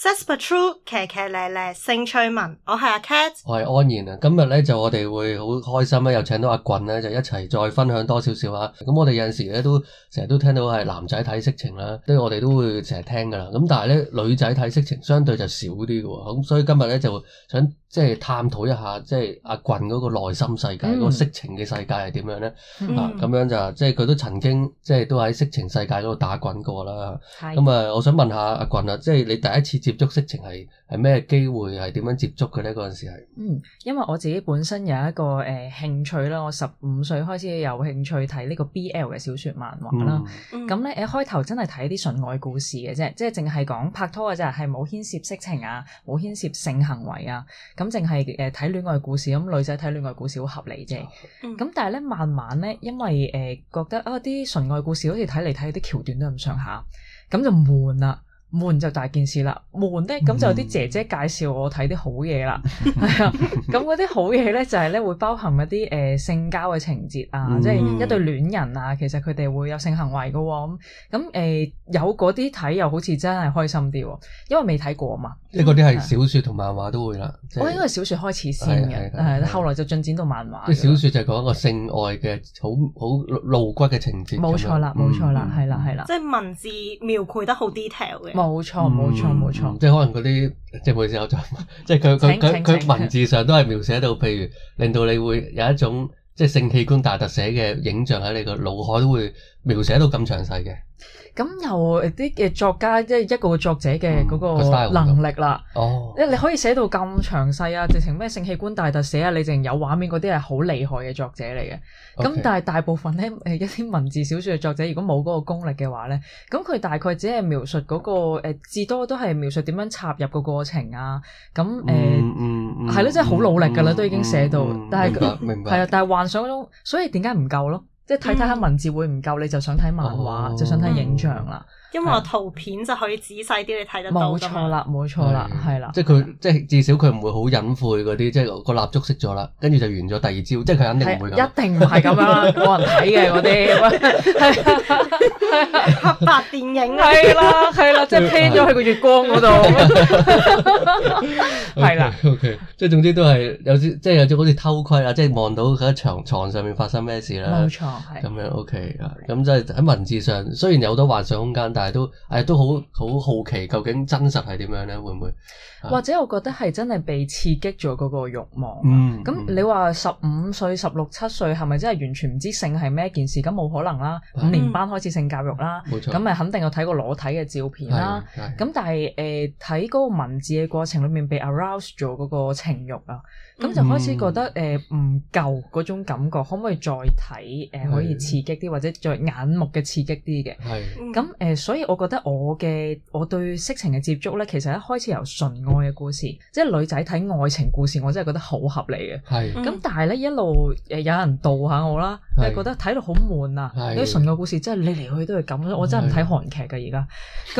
s 色色 truth 騎騎靚靚性趣聞， 我係阿 Cat，我係安然啊！今日咧就我哋會好開心咧，又請到阿棍咧，就一齊再分享多少少啊！咁我哋有陣時咧都成日都聽到係男仔睇色情啦，即係我哋都會成日聽噶啦。咁但係咧女仔睇色情相對就少啲嘅，咁所以今日咧就想即係探討一下，即係阿棍嗰個內心世界、嗰個色情嘅世界係點樣咧？啊，咁樣就即係佢都曾經即係都喺色情世界嗰度打滾過啦。係咁啊！我想問，問下阿棍啊，即係你第一次接觸色情係係咩機會？係點樣接觸嘅咧？嗰陣時係嗯，因為我自己本身有一個誒、呃、興趣啦，我十五歲開始有興趣睇呢個 BL 嘅小說漫畫啦。咁咧、嗯，誒開頭真係睇啲純愛故事嘅啫，即係淨係講拍拖嘅啫，係冇牽涉色情啊，冇牽涉性行為啊，咁淨係誒睇戀愛故事。咁女仔睇戀愛故事好合理啫。咁但係咧，慢慢咧，因為誒覺得啊啲純愛故事好似睇嚟睇去啲橋段都咁上下，咁就悶啦。悶就大件事啦，悶咧，咁就有啲姐姐介紹我睇啲好嘢啦。係啊，咁嗰啲好嘢咧就係咧，會包含一啲誒性交嘅情節啊，即係一對戀人啊，其實佢哋會有性行為㗎，咁咁誒有嗰啲睇又好似真係開心啲，因為未睇過啊嘛，即嗰啲係小說同漫畫都會啦，我應該係小說開始先嘅，誒後來就進展到漫畫，即係小說就係講一個性愛嘅好好露骨嘅情節，冇錯啦，冇錯啦，係啦係啦，即係文字描繪得好 detail 嘅。冇錯，冇、嗯、錯，冇錯。即係可能嗰啲， 即係唔好意思，即係佢佢佢佢文字上都係描寫到，譬如令到你會有一種即係性器官大特寫嘅影像喺你個腦海都會。描寫到咁詳細嘅，咁、嗯、由啲嘅作家即係、就是、一個一個作者嘅嗰個、嗯、個能力啦。哦，你你可以寫到咁詳細啊，直情咩性器官大特寫啊，你直情有畫面嗰啲係好厲害嘅作者嚟嘅。咁 Okay. 但係大部分咧，誒一啲文字小説嘅作者，如果冇嗰個功力嘅話咧，咁佢大概只係描述嗰、那個至、呃、多都係描述點樣插入個過程啊。咁誒，係、呃、咯，即係好努力噶啦，都已經寫到。但係明白，係啊，但係幻想中，所以點解唔夠咯？即係睇睇下文字會唔夠，嗯、你就想睇漫畫，哦、就想睇影像啦。嗯因為圖片就可以仔細啲，你睇得到冇錯啦，冇錯啦，係啦。即係佢，即係至少佢唔會好隱晦嗰啲，即係個蠟燭熄咗啦，跟住就完咗第二朝。即係佢肯定唔會咁，一定唔係咁樣，冇人睇嘅嗰啲，黑白電影啊，係啦，係啦，即係 pan 咗去個月光嗰度，係啦。O K，即係總之都係有啲，即係有啲好似偷窺啦，即係望到佢喺牀床上面發生咩事啦。冇錯，係咁樣。O K，咁即係喺文字上雖然有好多幻想空間。但係都誒都好好好奇究竟真實係點樣咧？會唔會？或者我覺得係真係被刺激咗嗰個慾望、啊。嗯，咁你話十五歲、十六七歲係咪真係完全唔知性係咩一件事？咁冇可能啦、啊，五、嗯、年班開始性教育啦、啊、冇錯，咁咪、嗯、肯定有睇過裸體嘅照片啦、啊。咁但係誒睇嗰個文字嘅過程裏面被 arouse 咗嗰個情慾啊！咁就開始覺得誒唔、嗯呃、夠嗰種感覺，可唔可以再睇誒、呃、可以刺激啲或者再眼目嘅刺激啲嘅？係是。咁誒、呃，所以我覺得我嘅我對色情嘅接觸咧，其實一開始由純愛嘅故事，即係女仔睇愛情故事，我真係覺得好合理嘅。係是。咁但係咧一路誒有人導下我啦，即係是覺得睇到好悶啊！啲是純愛故事真係你嚟去都係咁，我真係唔睇韓劇㗎而家。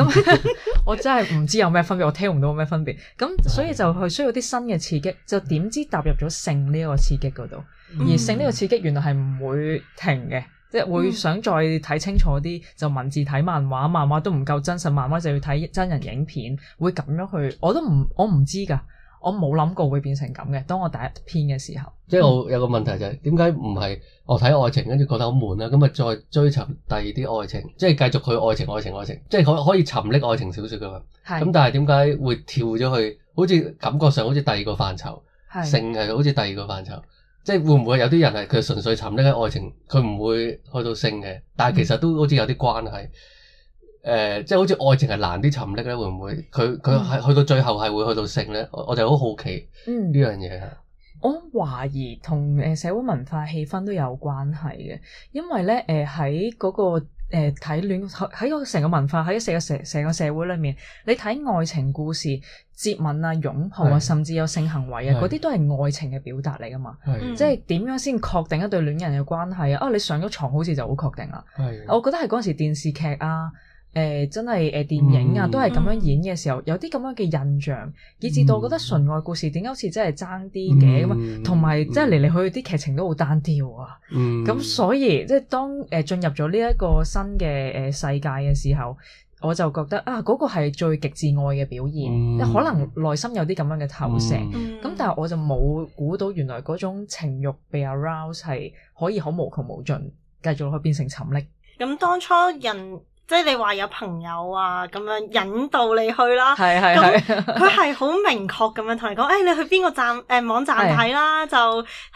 咁是 我真係唔知有咩分別，我聽唔到有咩分別。咁所以就係需要啲新嘅刺激，就點知？踏入咗性呢個刺激嗰度，而性呢個刺激原來係唔會停嘅，即係會想再睇清楚啲，就文字睇漫畫，漫畫都唔夠真實，漫畫就要睇真人影片，會咁樣去，我都唔我唔知噶，我冇諗過會變成咁嘅。當我第一篇嘅時候，嗯、即係我有個問題就係點解唔係我睇愛情，跟住覺得好悶啦，咁啊再追尋第二啲愛情，即係繼續去愛情、愛情、愛情，即係可以可以沉溺愛情小說噶嘛？係咁是，但係點解會跳咗去，好似感覺上好似第二個範疇。性係好似第二個範疇，即係會唔會有啲人係佢純粹沉溺喺愛情，佢唔會去到性嘅，但係其實都好似有啲關係。誒、嗯呃，即係好似愛情係難啲沉溺咧，會唔會佢佢係去到最後係會去到性咧？嗯、我就好好奇呢、嗯、樣嘢。我懷疑同誒社會文化氣氛都有關係嘅，因為咧誒喺嗰個。誒，睇戀喺個成個文化，喺成個成成個社會裏面，你睇愛情故事、接吻啊、擁抱啊，甚至有性行為啊，嗰啲係都係愛情嘅表達嚟噶嘛？係即係點樣先確定一對戀人嘅關係啊？啊，你上咗床好似就好確定啦，啊。係我覺得係嗰陣時電視劇啊。誒，真係誒，電影啊，都係咁樣演嘅時候，有啲咁樣嘅印象，以至到我覺得純愛故事點解好似真係爭啲嘅咁啊，同埋即係嚟嚟去去啲劇情都好單調啊。咁所以即係當誒進入咗呢一個新嘅誒世界嘅時候，我就覺得啊，嗰個係最極致愛嘅表現，可能內心有啲咁樣嘅投射。咁但係我就冇估到原來嗰種情慾被 aroused 係可以好無窮無盡，繼續去變成沉溺。咁當初人。即係你話有朋友啊咁樣引導你去啦，咁佢係好明確咁樣同你講，誒你去邊個站誒網站睇啦，就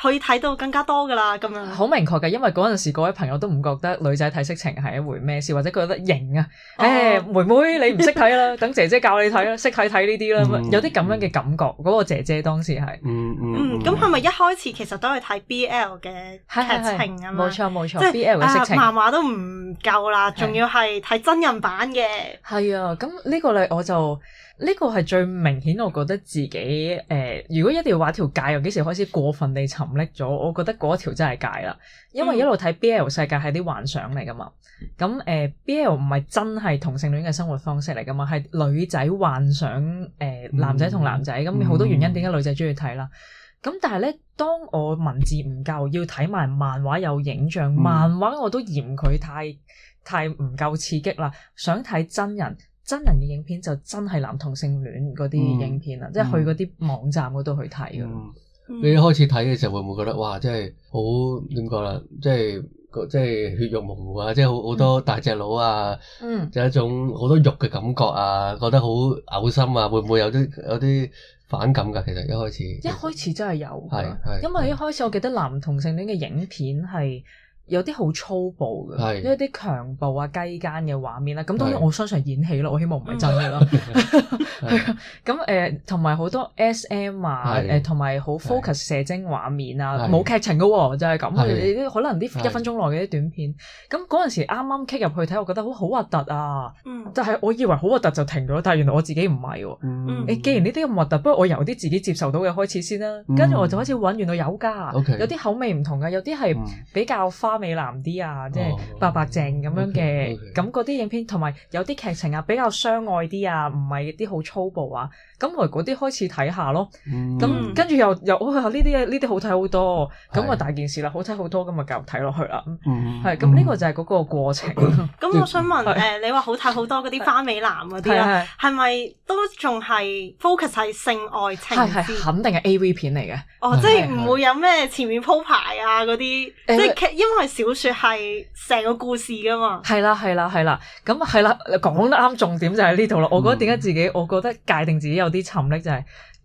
可以睇到更加多噶啦咁樣。好明確嘅，因為嗰陣時嗰位朋友都唔覺得女仔睇色情係一回咩事，或者覺得型啊，誒妹妹你唔識睇啦，等姐姐教你睇啦，識睇睇呢啲啦，有啲咁樣嘅感覺。嗰個姐姐當時係，嗯嗯，咁係咪一開始其實都係睇 BL 嘅劇情啊嘛？冇錯冇錯，BL 嘅色情漫畫都唔夠啦，仲要係。係真人版嘅，係啊，咁呢個咧我就呢、這個係最明顯，我覺得自己誒、呃，如果一定要畫條界，又幾時開始過分地沉溺咗？我覺得嗰一條真係界啦，因為一路睇 BL 世界係啲幻想嚟噶嘛，咁誒、呃、BL 唔係真係同性戀嘅生活方式嚟噶嘛，係女仔幻想誒、呃、男仔同男仔，咁好、嗯、多原因，點解女仔中意睇啦？咁但係咧，當我文字唔夠，要睇埋漫畫有影像，漫畫我都嫌佢太。太唔夠刺激啦！想睇真人真人嘅影片就真係男同性戀嗰啲影片啦，嗯、即係去嗰啲網站嗰度去睇。嗯，嗯，你一開始睇嘅時候會唔會覺得哇，即係好點講啦，即係即係血肉模糊啊，即係好好多大隻佬啊，嗯，就一種好多肉嘅感覺啊，覺得好嘔心啊，會唔會有啲有啲反感噶？其實一開始，一開始真係有，係係， 因為一開始我記得男同性戀嘅影片係。有啲好粗暴嘅，有啲強暴啊、雞奸嘅畫面啦。咁當然我相信演戲咯，我希望唔係真嘅啦。係啊，咁誒，同埋好多 S.M. 啊，誒，同埋好 focus 射精畫面啊，冇劇情噶，就係咁。可能啲一分鐘內嘅啲短片，咁嗰陣時啱啱 kick 入去睇，我覺得好好核突啊。就但係我以為好核突就停咗，但係原來我自己唔係喎。既然呢啲咁核突，不如我由啲自己接受到嘅開始先啦。跟住我就開始揾，原來有家，有啲口味唔同嘅，有啲係比較花。花美男啲啊，即係白白淨咁樣嘅，咁嗰啲影片，同埋有啲劇情啊，比較相愛啲啊，唔係啲好粗暴啊，咁我哋嗰啲開始睇下咯。咁跟住又又，呢啲呢啲好睇好多，咁啊大件事啦，好睇好多咁啊繼續睇落去啦。係咁，呢個就係嗰個過程。咁我想問誒，你話好睇好多嗰啲花美男嗰啲啊，係咪都仲係 focus 喺性愛情？係係，肯定係 AV 片嚟嘅。哦，即係唔會有咩前面鋪排啊嗰啲，即係因為。小說係成個故事噶嘛？係啦，係 啦，係、嗯、啦。咁係啦，講得啱重點就係呢度咯。我覺得點解自己，我覺得界定自己有啲沉溺就係。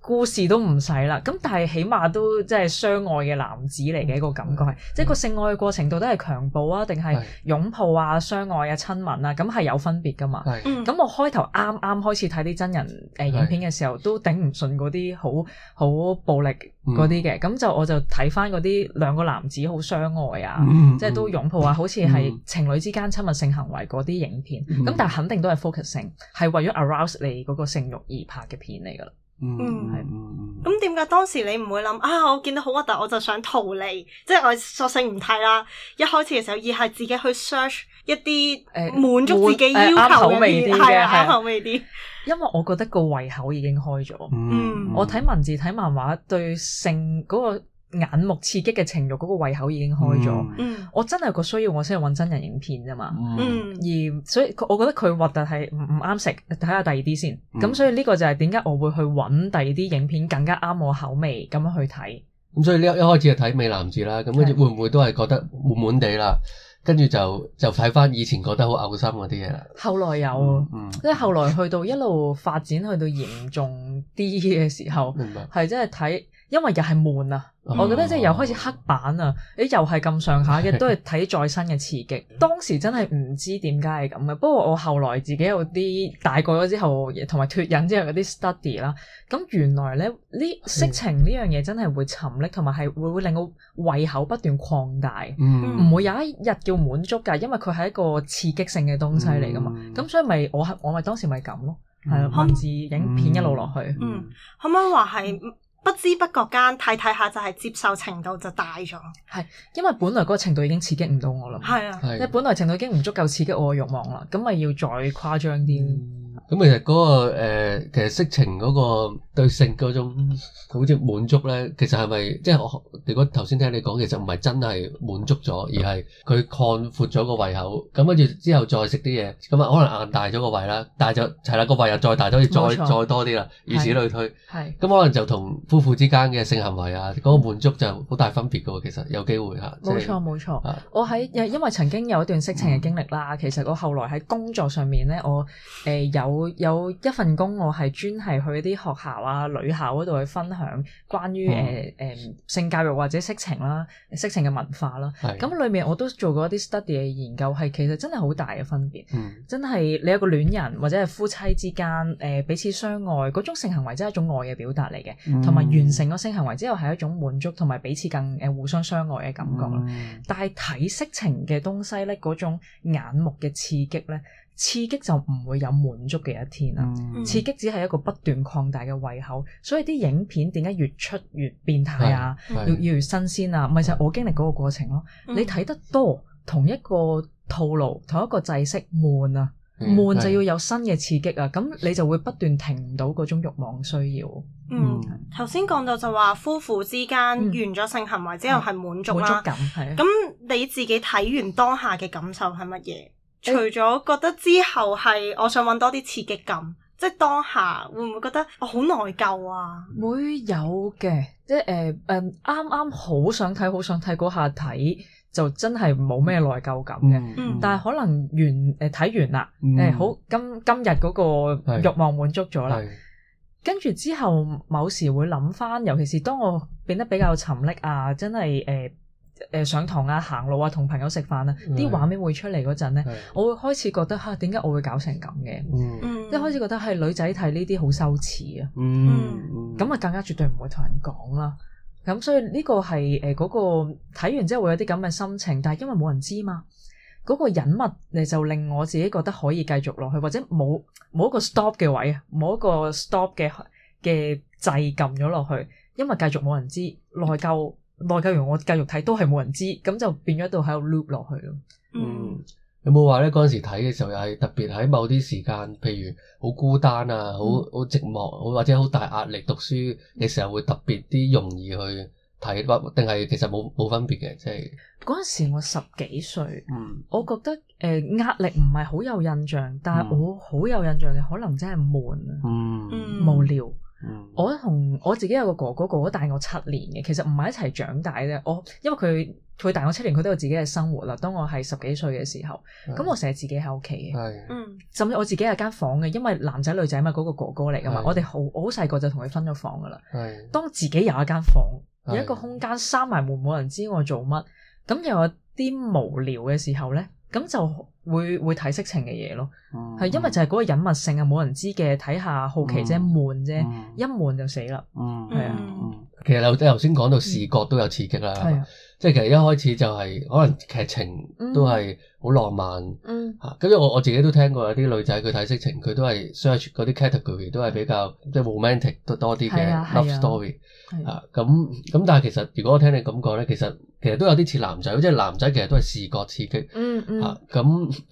故事都唔使啦，咁但係起碼都即係相愛嘅男子嚟嘅 一個感覺係， 即係個性愛嘅過程到底係強暴啊，定係擁抱啊、相愛啊、親吻啊，咁係有分別噶嘛？咁、 嗯、我開頭啱啱開始睇啲真人誒、呃、影片嘅時候，都頂唔順嗰啲好好暴力嗰啲嘅，咁、嗯、就我就睇翻嗰啲兩個男子好相愛啊，嗯嗯嗯即係都擁抱啊，好似係情侶之間親密性行為嗰啲影片，咁但係肯定都係 focus 性係為咗 arouse 你嗰個性慾而拍嘅片嚟噶啦。Mm hmm. 嗯，係，咁點解當時你唔會諗啊？我見到好核突，我就想逃離，即係我索性唔睇啦。一開始嘅時候，而係自己去 search 一啲誒滿足自己要求嘅嘢，係啊、呃，呃、口味啲。味味因為我覺得個胃口已經開咗。嗯、mm，hmm. 我睇文字睇漫畫對性嗰、嗰個。眼目刺激嘅情欲，嗰個胃口已經開咗。嗯，我真係個需要，我先去揾真人影片啫嘛。嗯，而所以我覺得佢核突係唔唔啱食。睇下第二啲先。咁、嗯、所以呢個就係點解我會去揾第二啲影片更加啱我口味咁樣去睇。咁、嗯、所以呢一一開始係睇美男子啦，咁跟住會唔會都係覺得悶悶地啦？跟住就就睇返以前覺得好嘔心嗰啲嘢啦。後來有，嗯嗯、即係後來去到一路發展去到嚴重啲嘅時候，係、嗯、 真係睇。因為又係悶啊，哦、我覺得即係又開始黑板啊，誒又係咁上下嘅，都係睇再新嘅刺激。 當時真係唔知點解係咁嘅。不過我後來自己有啲大個咗之後，同埋脫癮之後嗰啲 study 啦，咁原來咧呢色情呢樣嘢真係會沉溺，同埋係會會令我胃口不斷擴大，唔、嗯、會有一日叫滿足噶，因為佢係一個刺激性嘅東西嚟噶嘛。咁、嗯、所以咪我係我咪當時咪咁咯，係咯，文字影片一路落去嗯。嗯，可唔可以話係？嗯 不知不覺間睇睇下就係接受程度就大咗，係因為本來嗰個程度已經刺激唔到我啦，係啊，你本來程度已經唔足夠刺激我嘅欲望啦，咁咪要再誇張啲。咁、嗯嗯、其實嗰、嗰個誒、呃，其實色情嗰個對性嗰種好似滿足咧，其實係咪即係我？如果頭先聽你講，其實唔係真係滿足咗，而係佢擴闊咗個胃口，咁跟住之後再食啲嘢，咁啊可能硬大咗個胃啦，但係就係啦個胃又再大咗，要再再多啲啦，如此類推。係，咁 可能就同。夫婦之間嘅性行為啊，嗰、那個滿足就好大分別㗎喎，其實有機會嚇。冇錯冇錯，錯錯是我喺因為曾經有一段色情嘅經歷啦，嗯、其實我後來喺工作上面咧，我誒、呃、有有一份工，我係專係去啲學校啊、女校嗰度去分享關於誒誒性教育或者色情啦、色情嘅文化啦。咁裏是面我都做過一啲 study 嘅研究，係其實真係好大嘅分別。嗯、真係你有一個戀人或者係夫妻之間誒、呃、彼此相愛嗰種性行為，真係一種愛嘅表達嚟嘅，同嗯、完成個性行為之後係一種滿足，同埋彼此更誒互相相愛嘅感覺，嗯。但係睇色情嘅東西咧，嗰種眼目嘅刺激咧，刺激就唔會有滿足嘅一天啦。嗯、刺激只係一個不斷擴大嘅胃口，所以啲影片點解越出越變態啊？越越新鮮啊？咪就係我經歷嗰個過程咯。嗯、你睇得多同一個套路、同一個制式，悶啊！悶就要有新嘅刺激啊，咁、嗯、你就會不斷停唔到嗰種慾望需要。嗯，頭先講到就話夫婦之間、嗯、完咗性行為之後係滿足咗。嗯、滿足感係。咁你自己睇完當下嘅感受係乜嘢？除咗覺得之後係我想揾多啲刺激感，欸、即係當下會唔會覺得我好內疚啊？會有嘅，即係誒誒，啱啱好想睇好想睇嗰下睇。就真係冇咩內疚感嘅，但係可能完誒睇完啦，誒好今今日嗰個欲望滿足咗啦，跟住之後某時會諗翻，尤其是當我變得比較沉溺啊，真係誒誒上堂啊、行路啊、同朋友食飯啊，啲畫面會出嚟嗰陣咧，我會開始覺得吓，點解我會搞成咁嘅？一開始覺得係女仔睇呢啲好羞恥啊，咁啊更加絕對唔會同人講啦。咁所以呢個係誒嗰個睇完之後會有啲咁嘅心情，但係因為冇人知嘛，嗰個隱密你就令我自己覺得可以繼續落去，或者冇冇一個 stop 嘅位，冇一個 stop 嘅嘅掣撳咗落去，因為繼續冇人知，內疚內疚完我繼續睇都係冇人知，咁就變咗度喺度 loop 落去咯。嗯。有冇話呢？嗰陣時睇嘅時候又係特別喺某啲時間，譬如好孤單啊，好好寂寞，或者好大壓力讀書嘅時候會特別啲容易去睇，或定係其實冇冇分別嘅，即係嗰陣時我十幾歲，嗯、我覺得誒壓、呃、力唔係好有印象，但係我好有印象嘅可能真係悶啊，嗯嗯、無聊。我同我自己有個哥哥，哥哥大我七年嘅，其實唔係一齊長大嘅。我因為佢佢大我七年，佢都有自己嘅生活啦。當我係十幾歲嘅時候，咁是我成日自己喺屋企嘅，嗯是，甚至我自己有間房嘅，因為男仔女仔嘛，嗰個哥哥嚟噶嘛，我哋好我好細個就同佢分咗房噶啦。係是當自己有一間房，有一個空間，閂埋門冇人知我做乜，咁又有啲無聊嘅時候咧。咁就會會睇色情嘅嘢咯，係、嗯、因為就係嗰個隱密性啊，冇人知嘅，睇下好奇啫，悶啫，嗯、一悶就死啦，係、嗯、啊，其實你頭先講到視覺都有刺激啦。嗯即係其實一開始就係、是、可能劇情都係好浪漫，嚇咁、嗯啊。因為我我自己都聽過有啲女仔佢睇色情，佢都係 search 嗰啲 category 都係比較即係、就是、romantic 都多啲嘅 love story，嚇咁咁。但係其實如果我聽你咁講咧，其實其實都有啲似男仔，即係男仔其實都係視覺刺激，嚇、啊、咁、嗯嗯啊、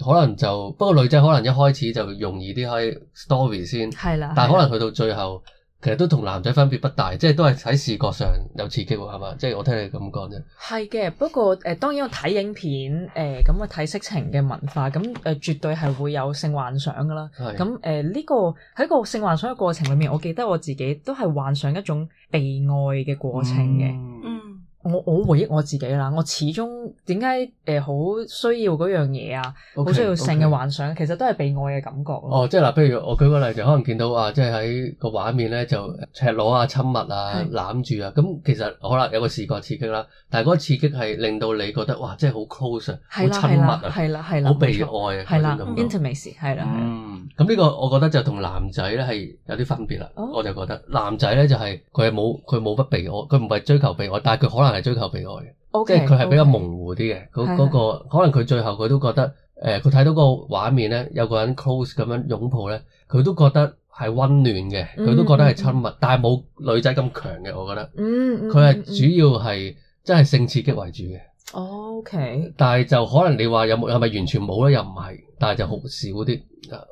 可能就不過女仔可能一開始就容易啲喺 story 先，係啦、嗯，嗯、但係可能去到最後。其實都同男仔分別不大，即係都係喺視覺上有刺激，係嘛？即係我聽你咁講啫。係嘅，不過誒、呃，當然我睇影片，誒咁啊睇色情嘅文化，咁、呃、誒絕對係會有性幻想噶啦。咁誒呢個喺個性幻想嘅過程裏面，我記得我自己都係幻想一種被愛嘅過程嘅。嗯。我我回憶我自己啦，我始終點解誒好需要嗰樣嘢啊，好 Okay, 需要性嘅幻想，okay. 其實都係被愛嘅感覺咯。哦、oh，即係嗱，譬如我舉個例，就可能見到啊，即係喺個畫面咧就赤裸啊、親密啊、攬住啊，咁其實可能有個視覺刺激啦，但係嗰刺激係令到你覺得哇，真係好 close 啊，好親、啊、密啊，係啦係啦，好被愛啊，係啦 intimate 係啦。咁呢個我覺得就同男仔咧係有啲分別啦，oh? 我就覺得男仔咧就係佢係冇佢冇乜被愛，佢唔係追求被愛，但係佢可能係追求被愛嘅，okay, 即係佢係比較模糊啲嘅。嗰 Okay,、嗰個 okay.、嗰個、可能佢最後佢都覺得誒，佢、呃、睇到個畫面咧，有個人 close 咁樣擁抱咧，佢都覺得係溫暖嘅，佢都覺得係親密，mm hmm. 但係冇女仔咁強嘅，我覺得。嗯，佢係主要係真係性刺激為主嘅。OK，但係就可能你話有冇係咪完全冇咧？又唔係，但係就好少啲，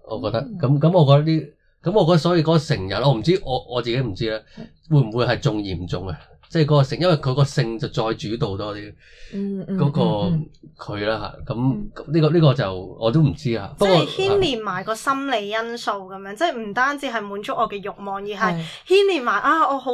我覺得咁咁，我覺得啲咁，我覺得所以嗰個成人，我唔知我我自己唔知啦，會唔會係仲嚴重啊？即係嗰個成，因為佢個性就再主導多啲，嗰、嗯嗯嗯嗯、個佢啦吓，咁呢、嗯這個呢、這個就我都唔知啊。即係牽連埋個心理因素咁樣，嗯、即係唔單止係滿足我嘅慾望，而係牽連埋啊，我好。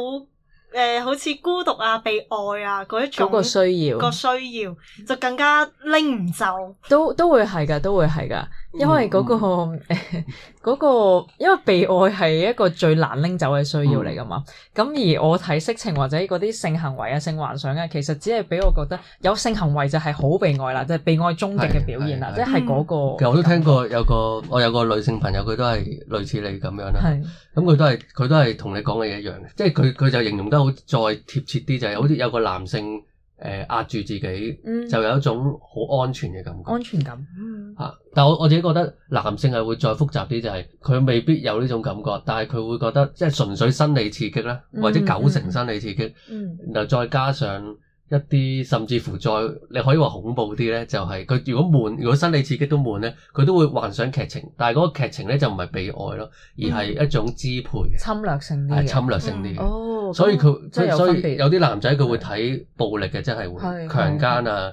誒、呃，好似孤獨啊、被愛啊嗰一種，嗰個需要，個需要，就更加拎唔走，都都會係㗎，都會係㗎。因為嗰、那個誒、個、嗯、 因為被愛係一個最難拎走嘅需要嚟噶嘛，咁、嗯、而我睇色情或者嗰啲性行為啊、性幻想啊，其實只係俾我覺得有性行為就係好被愛啦，就係、是、被愛終極嘅表現啦，即係嗰個。嗯、其實我都聽過有個、嗯、我有個女性朋友，佢都係類似你咁樣啦，咁佢是都係佢都係同你講嘅嘢一樣嘅，即係佢佢就形容得好再貼切啲，就係、是、好似有個男性。誒、呃、壓住自己，嗯、就有一種好安全嘅感覺。安全感。嚇、嗯啊！但我我自己覺得男性係會再複雜啲，就係佢未必有呢種感覺，但係佢會覺得即係純粹生理刺激啦，或者九成生理刺激，嗯嗯、然後再加上一啲甚至乎再你可以話恐怖啲呢，就係佢如果悶，如果生理刺激都悶呢，佢都會幻想劇情。但係嗰個劇情呢，就唔係被愛咯，而係一種支配嘅、嗯、侵略性啲、嗯嗯、侵略性啲。所以佢即係所以有啲男仔佢會睇暴力嘅，真係會強姦啊，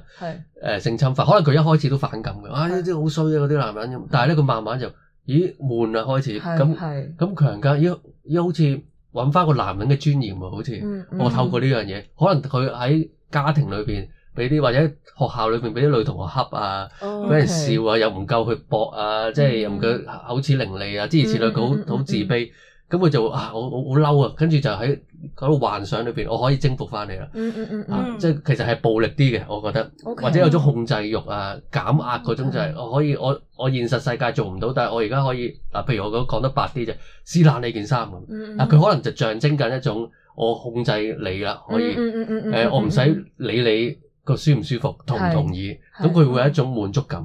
誒性侵犯。可能佢一開始都反感嘅，啊呢啲好衰啊，嗰啲男人咁。但係咧佢慢慢就，咦悶啊，開始咁咁強姦，依依好似揾翻個男人嘅尊嚴喎，好似我透過呢樣嘢。可能佢喺家庭裏邊俾啲或者學校裏邊俾啲女同學恰啊，俾人笑啊，又唔夠佢駁啊，即係又唔夠口齒伶俐啊，諸如此類，佢好好自卑。咁佢就啊，我我好嬲啊，跟住就喺嗰度幻想裏邊，我可以征服翻你啦。嗯嗯嗯。啊，即係其實係暴力啲嘅，我覺得。或者有種控制欲啊，減壓嗰種就係，我可以我我現實世界做唔到，但係我而家可以嗱，譬如我講得白啲就撕爛你件衫。嗯。啊，佢可能就象徵緊一種我控制你啦，可以。誒，我唔使理你個舒唔舒服，同唔同意，咁佢會有一種滿足感。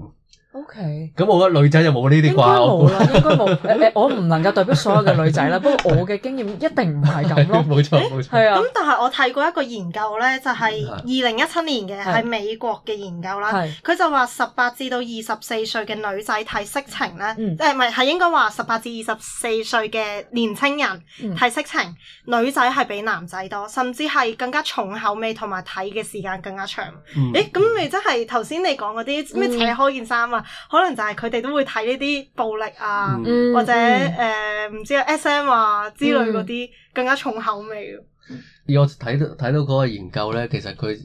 O K，咁我覺得女仔就冇呢啲掛。應該冇啦，應該冇。我唔能夠代表所有嘅女仔啦。不過我嘅經驗一定唔係咁咯。冇錯，冇錯。係啊。咁但係我睇過一個研究咧，就係二零一七年嘅，喺美國嘅研究啦。佢就話十八至到二十四歲嘅女仔睇色情咧，即唔係係應該話十八至二十四歲嘅年青人睇色情，女仔係比男仔多，甚至係更加重口味同埋睇嘅時間更加長。誒，咁咪真係頭先你講嗰啲咩扯開件衫啊？可能就係佢哋都會睇呢啲暴力啊，嗯、或者誒唔、呃、知啊 SM 啊之類嗰啲、嗯、更加重口味。而我睇到睇到嗰個研究咧，其實佢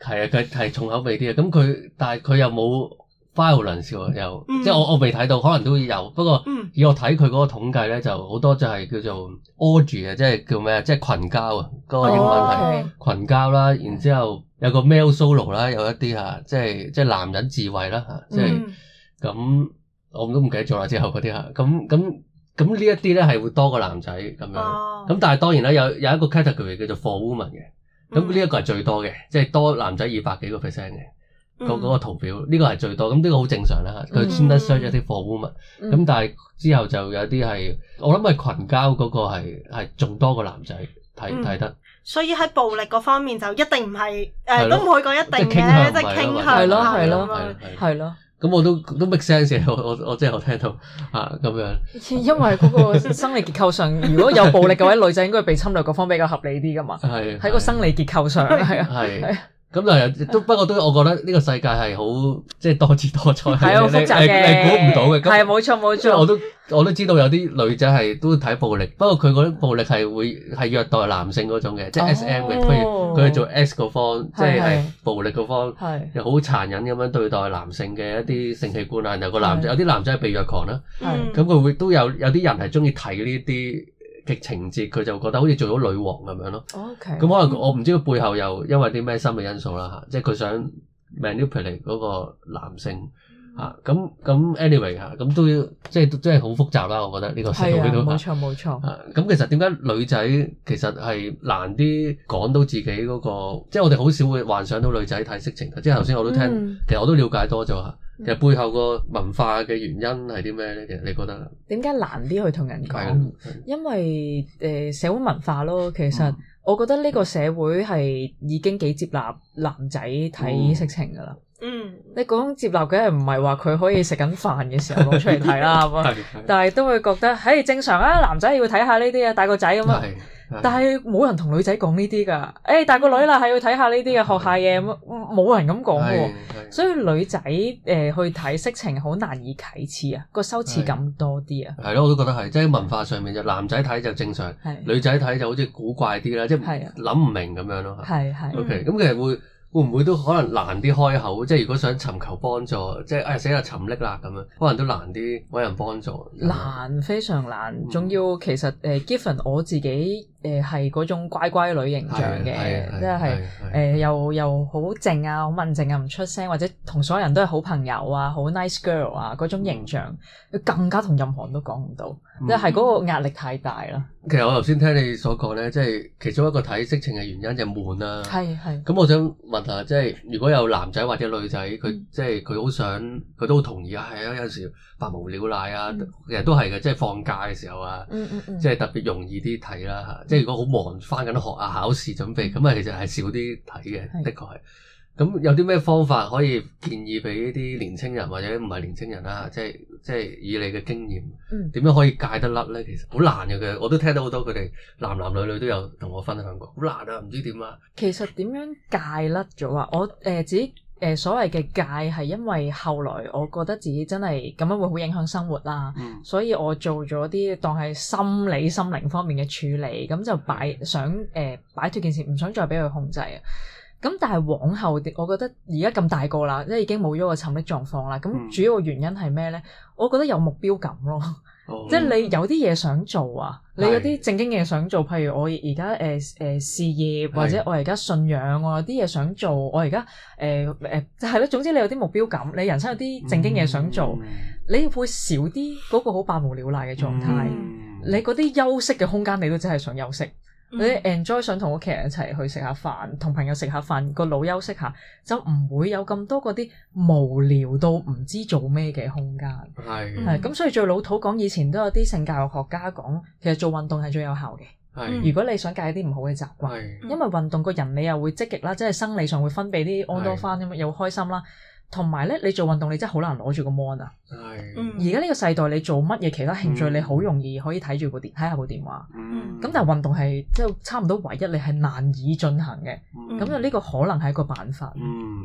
係啊佢係重口味啲啊。咁佢但係佢又冇 violence 喎，又、嗯、即係我我未睇到，可能都有。不過以我睇佢嗰個統計咧，就好多就係叫做 orgy 啊，即係叫咩啊，即係群交啊，嗰、嗰個英文係群交啦。然之後。嗯有個 male solo 啦，有一啲吓，即係即係男人智慧啦吓，即係咁、嗯，我都唔記得咗啦。之後嗰啲吓，咁咁咁呢一啲咧係會多個男仔咁樣，咁但係當然啦，有有一個 category 叫做 for woman 嘅，咁呢一個係最多嘅，嗯、即係多男仔二百幾個 percent 嘅，嗰嗰個圖表呢、嗯、個係最多，咁呢個好正常啦，佢先得 search 一啲 for woman，咁、嗯嗯、但係之後就有啲係我諗係群交嗰個係仲多過男仔睇睇得。嗯所以喺暴力嗰方面就一定唔係，誒都唔可以講一定嘅，即係傾向係咯，係咯，係咯。咁我都都 make sense，我我我真係我聽到，吓咁樣。因為嗰個生理結構上，如果有暴力嘅話，女仔應該被侵略嗰方比較合理啲噶嘛。係喺個生理結構上，係啊。咁嗱，都不過都，我覺得呢個世界係好即係多姿多彩，係好複雜嘅，係估唔到嘅。係冇錯冇錯。我都我都知道有啲女仔係都睇暴力，不過佢嗰啲暴力係會係虐待男性嗰種嘅，即係 S M 嘅，譬如佢係做 S 嗰方，即係係暴力嗰方，又好殘忍咁樣對待男性嘅一啲性器官。然後個男仔有啲男仔係被虐狂啦，咁佢會都有有啲人係中意睇呢啲。嘅情節佢就覺得好似做到女王咁樣咯。OK。咁可能我唔知佢背後又因為啲咩心理因素啦嚇，嗯、即係佢想 manipulate 嗰個男性嚇。咁咁 anyway 嚇，咁、啊啊、都要即係即係好複雜啦。我覺得呢個世道。係啊，冇錯冇錯。嚇，咁、啊、其實點解女仔其實係難啲講到自己嗰、那個，即係我哋好少會幻想到女仔睇色情，即係頭先我都聽，嗯、其實我都了解多咗嚇。啊其實背後個文化嘅原因係啲咩咧？你覺得點解難啲去同人講？因為誒、呃、社會文化咯，其實我覺得呢個社會係已經幾接納男仔睇色情㗎喇。哦嗯，你講接納嘅唔係話佢可以食緊飯嘅時候攞出嚟睇啦，但係都會覺得，誒正常啊，男仔要睇下呢啲啊，大個仔咁樣，但係冇人同女仔講呢啲噶，誒大個女啦，係要睇下呢啲嘅，學下嘢，冇人咁講喎，所以女仔誒去睇色情好難以啟齒啊，個羞恥感多啲啊，係咯，我都覺得係，即係文化上面就男仔睇就正常，女仔睇就好似古怪啲啦，即係諗唔明咁樣咯，係係，OK，咁其實會。會唔會都可能難啲開口？即係如果想尋求幫助，即係哎死啦沉溺啦咁樣，可能都難啲揾人幫助。難，難非常難。仲要其實誒，given 我自己。誒係嗰種乖乖女形象嘅，即係誒又又好靜啊，好文靜啊，唔出聲，或者同所有人都係好朋友啊，好 nice girl 啊嗰種形象，佢更加同任何人都講唔到，即係嗰個壓力太大啦。其實我頭先聽你所講咧，即係其中一個睇色情嘅原因就悶啦、啊。係係。咁我想問下，即係如果有男仔或者女仔，佢、嗯、即係佢好想，佢都同意啊，係啊，有時百無聊賴啊，嗯、其實都係嘅，即係放假嘅時候啊，即係特別容易啲睇啦嚇。嗯嗯嗯。即係如果好忙，返緊學啊、考試準備，咁啊其實係少啲睇嘅，是的確係。咁有啲咩方法可以建議俾啲年青人或者唔係年青人啦、啊？即係即係以你嘅經驗，點、嗯、樣可以戒得甩呢？其實好難嘅，佢我都聽到好多佢哋男男女女都有同我分享過，好難啊，唔知點啊。其實點樣戒甩咗啊？我誒、呃、自己。誒、呃、所謂嘅戒係因為後來我覺得自己真係咁樣會好影響生活啦，嗯、所以我做咗啲當係心理心靈方面嘅處理，咁就擺、嗯、想誒擺、呃、脫件事，唔想再俾佢控制啊。咁但係往後我覺得而家咁大個啦，即係已經冇咗個沉溺狀況啦。咁主要原因係咩咧？嗯、我覺得有目標感咯。即係你有啲嘢想做啊，你有啲正經嘢想做，譬如我而家誒誒事業，或者我而家信仰，我有啲嘢想做，我而家誒誒係咯，總之你有啲目標感，你人生有啲正經嘢想做，嗯、你會少啲嗰個好百無聊賴嘅狀態，嗯、你嗰啲休息嘅空間你都真係想休息。你、mm hmm. enjoy ing, 想同屋企人一齊去食下飯，同朋友食下飯，個腦休息下，就唔會有咁多嗰啲無聊到唔知做咩嘅空間。係、mm，咁、hmm. 嗯、所以最老土講，以前都有啲性教育學家講，其實做運動係最有效嘅。係、mm，hmm. 如果你想戒啲唔好嘅習慣，mm hmm. 因為運動個人你又會積極啦，即、就、係、是、生理上會分泌啲安多酚咁樣，又、mm hmm. 的開心啦。同埋咧，你做運動你真係好難攞住個 mon 啊！而家呢個世代，你做乜嘢其他興趣，你好容易可以睇住部電，睇下部電話。咁但係運動係即係差唔多唯一，你係難以進行嘅。咁就呢個可能係一個辦法。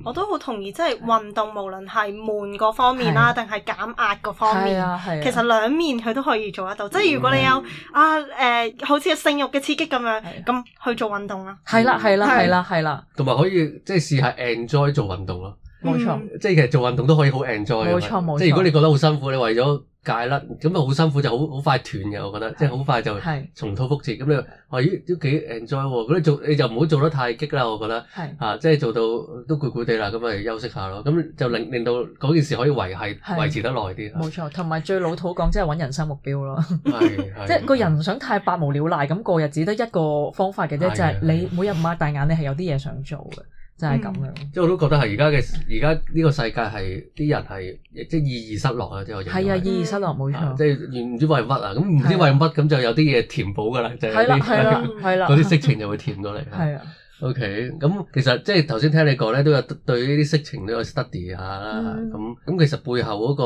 我都好同意，即係運動無論係悶嗰方面啦，定係減壓嗰方面，啊。其實兩面佢都可以做得到。即係如果你有啊誒，好似性欲嘅刺激咁樣，咁去做運動啊。係啦，係啦，係啦，係啦。同埋可以即係試下 enjoy 做運動咯。冇錯，即係其實做運動都可以好 enjoy。冇錯冇錯。即係如果你覺得好辛苦，你為咗戒甩，咁啊好辛苦就好好快斷嘅。我覺得即係好快就重蹈覆轍。咁你哦咦都幾 enjoy 喎？咁你做你就唔好做得太激啦。我覺得係吓，即係做到都攰攰地啦，咁咪休息下咯。咁就令令到嗰件事可以維係維持得耐啲。冇錯，同埋最老土講，即係揾人生目標咯。係即係個人唔想太百無聊賴咁過日子，得一個方法嘅啫，就係你每日擘大眼，你係有啲嘢想做嘅。就係咁樣，嗯、即係我都覺得係而家嘅而家呢個世界係啲人係即係意義失落啊！即係我係啊，因為，意義失落冇錯，啊，即係唔知為乜啊，咁唔知為乜咁就有啲嘢填補㗎啦，就係嗰啲色情就會填到嚟。係啊。O.K. 咁其實即係頭先聽你講咧，都有對呢啲色情都有 study 下啦。咁咁其實背後嗰個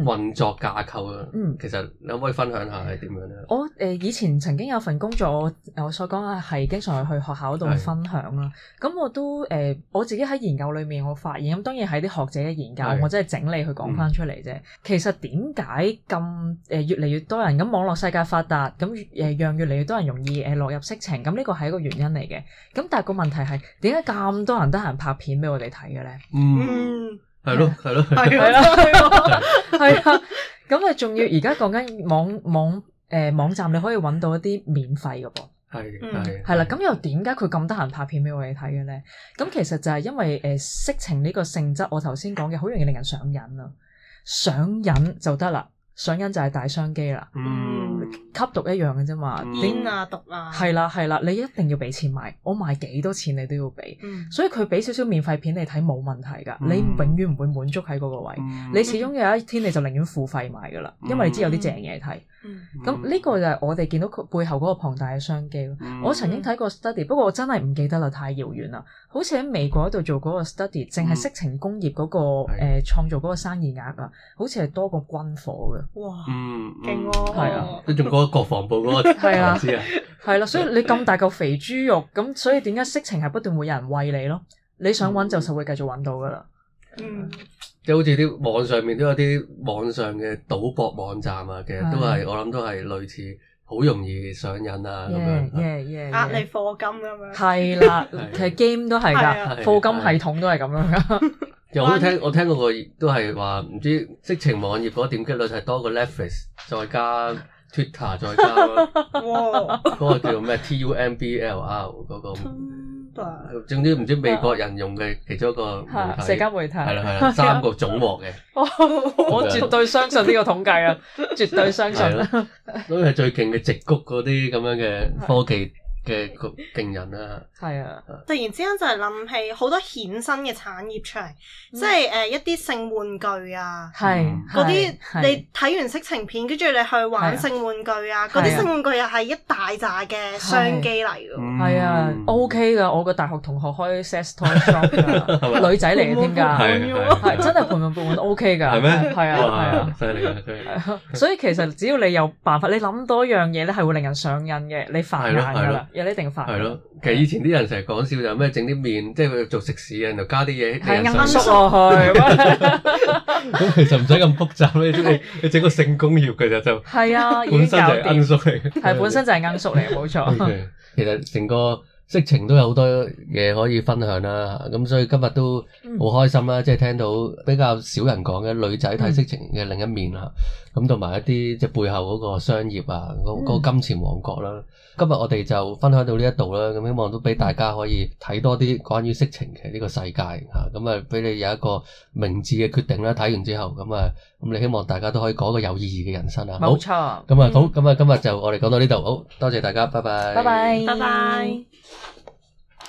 運作架構啊，嗯，其實你可唔可以分享下係點樣咧？我誒以前曾經有份工作，我我所講係經常去學校嗰度分享啦。咁我都誒我自己喺研究裏面我發現，咁當然喺啲學者嘅研究，我真係整理去講返出嚟啫。其實點解咁誒越嚟越多人咁網絡世界發達，咁誒讓越嚟越多人容易誒落入色情，咁呢個係一個原因嚟嘅。咁但係個問題係點解咁多人得閒拍片俾我哋睇嘅咧？嗯，係咯，係咯，係啦，係啊。咁啊，仲要而家講緊網網，誒網站，你可以揾到一啲免費嘅噃。係係係啦。咁又點解佢咁得閒拍片俾我哋睇嘅咧？咁其實就係因為誒色情呢個性質，我頭先講嘅好容易令人上癮咯，上癮就得啦。上癮就係大商機啦，嗯、吸毒一樣嘅啫嘛，煙啊、嗯、毒啊，係啦係啦，你一定要畀錢買，我賣幾多錢你都要畀，嗯、所以佢畀少少免費片你睇冇問題噶，嗯、你永遠唔會滿足喺嗰個位，嗯、你始終有一天你就寧願付費買噶啦，嗯、因為你知有啲正嘢睇。嗯嗯咁呢、嗯、個就係我哋見到佢背後嗰個龐大嘅商機。嗯、我曾經睇過 study，不過我真係唔記得啦，太遙遠啦。好似喺美國度做嗰個 study，淨係色情工業嗰、那個誒，創、嗯呃、造嗰個生意額啊，好似係多過軍火嘅。哇、嗯！嗯，勁咯、哦。係啊，你仲講國防部嗰、那個投資 啊？係啦、 啊啊，所以你咁大嚿肥豬肉，咁所以點解色情係不斷會有人餵你咯？你想搵就實會繼續搵到噶啦。嗯。嗯即係好似啲網上面都有啲網上嘅賭博網站啊，其實都係是我諗都係類似，好容易上癮啊咁、yeah, yeah, yeah, yeah. 樣。壓你課金咁樣。係啦是，其實 game 都係噶，課、啊、金系統都係咁樣噶。 又好似聽，我聽過個都係話唔知色情網頁嗰點擊率係多過 Netflix 再加 Twitter，再加嗰哇個叫咩 Tumblr 嗰、那個。總之唔知美國人用嘅其中一個社交媒體，係啦係啦，三個總和嘅，我 我絕對相信呢個統計啊，絕對相信啊，都係最勁嘅矽谷嗰啲咁樣嘅科技。嘅個勁人啊，係啊！突然之間就係諗起好多衍生嘅產業出嚟，即係誒一啲性玩具啊，係嗰啲你睇完色情片，跟住你去玩性玩具啊，嗰啲性玩具又係一大扎嘅商機嚟嘅，係啊，OK 噶，我個大學同學開 sex toy shop 噶，女仔嚟嘅點解？係真係盤盤盤盤 OK 㗎，係咩？係啊係啊，犀利啊，所以其實只要你有辦法，你諗多樣嘢咧，係會令人上癮嘅，你煩眼㗎啦。有呢定法？係咯，其實以前啲人成日講笑就咩整啲麵，即、就、係、是、做食肆啊，就加啲嘢。係罌粟的落去，就唔使咁複雜咧。你整 個性工業其實就係啊，本身就係罌粟嚟。係本身就係罌粟嚟，冇錯。Okay，其實成個色情都有好多嘢可以分享啦、啊。咁所以今日都好開心啦、啊，即係、嗯、聽到比較少人講嘅女仔睇色情嘅另一面啦。咁同埋一啲即係背後嗰個商業啊，嗰嗰、嗰個、金錢王國啦。嗯、今日我哋就分享到呢一度啦，咁希望都俾大家可以睇多啲關於色情嘅呢個世界吓，咁啊俾你有一個明智嘅決定啦。睇完之後，咁啊咁你希望大家都可以過一個有意義嘅人生啊。冇錯。咁啊好，咁啊、嗯、今日就我哋講到呢度，好多謝大家，拜拜。拜拜，拜拜。拜拜。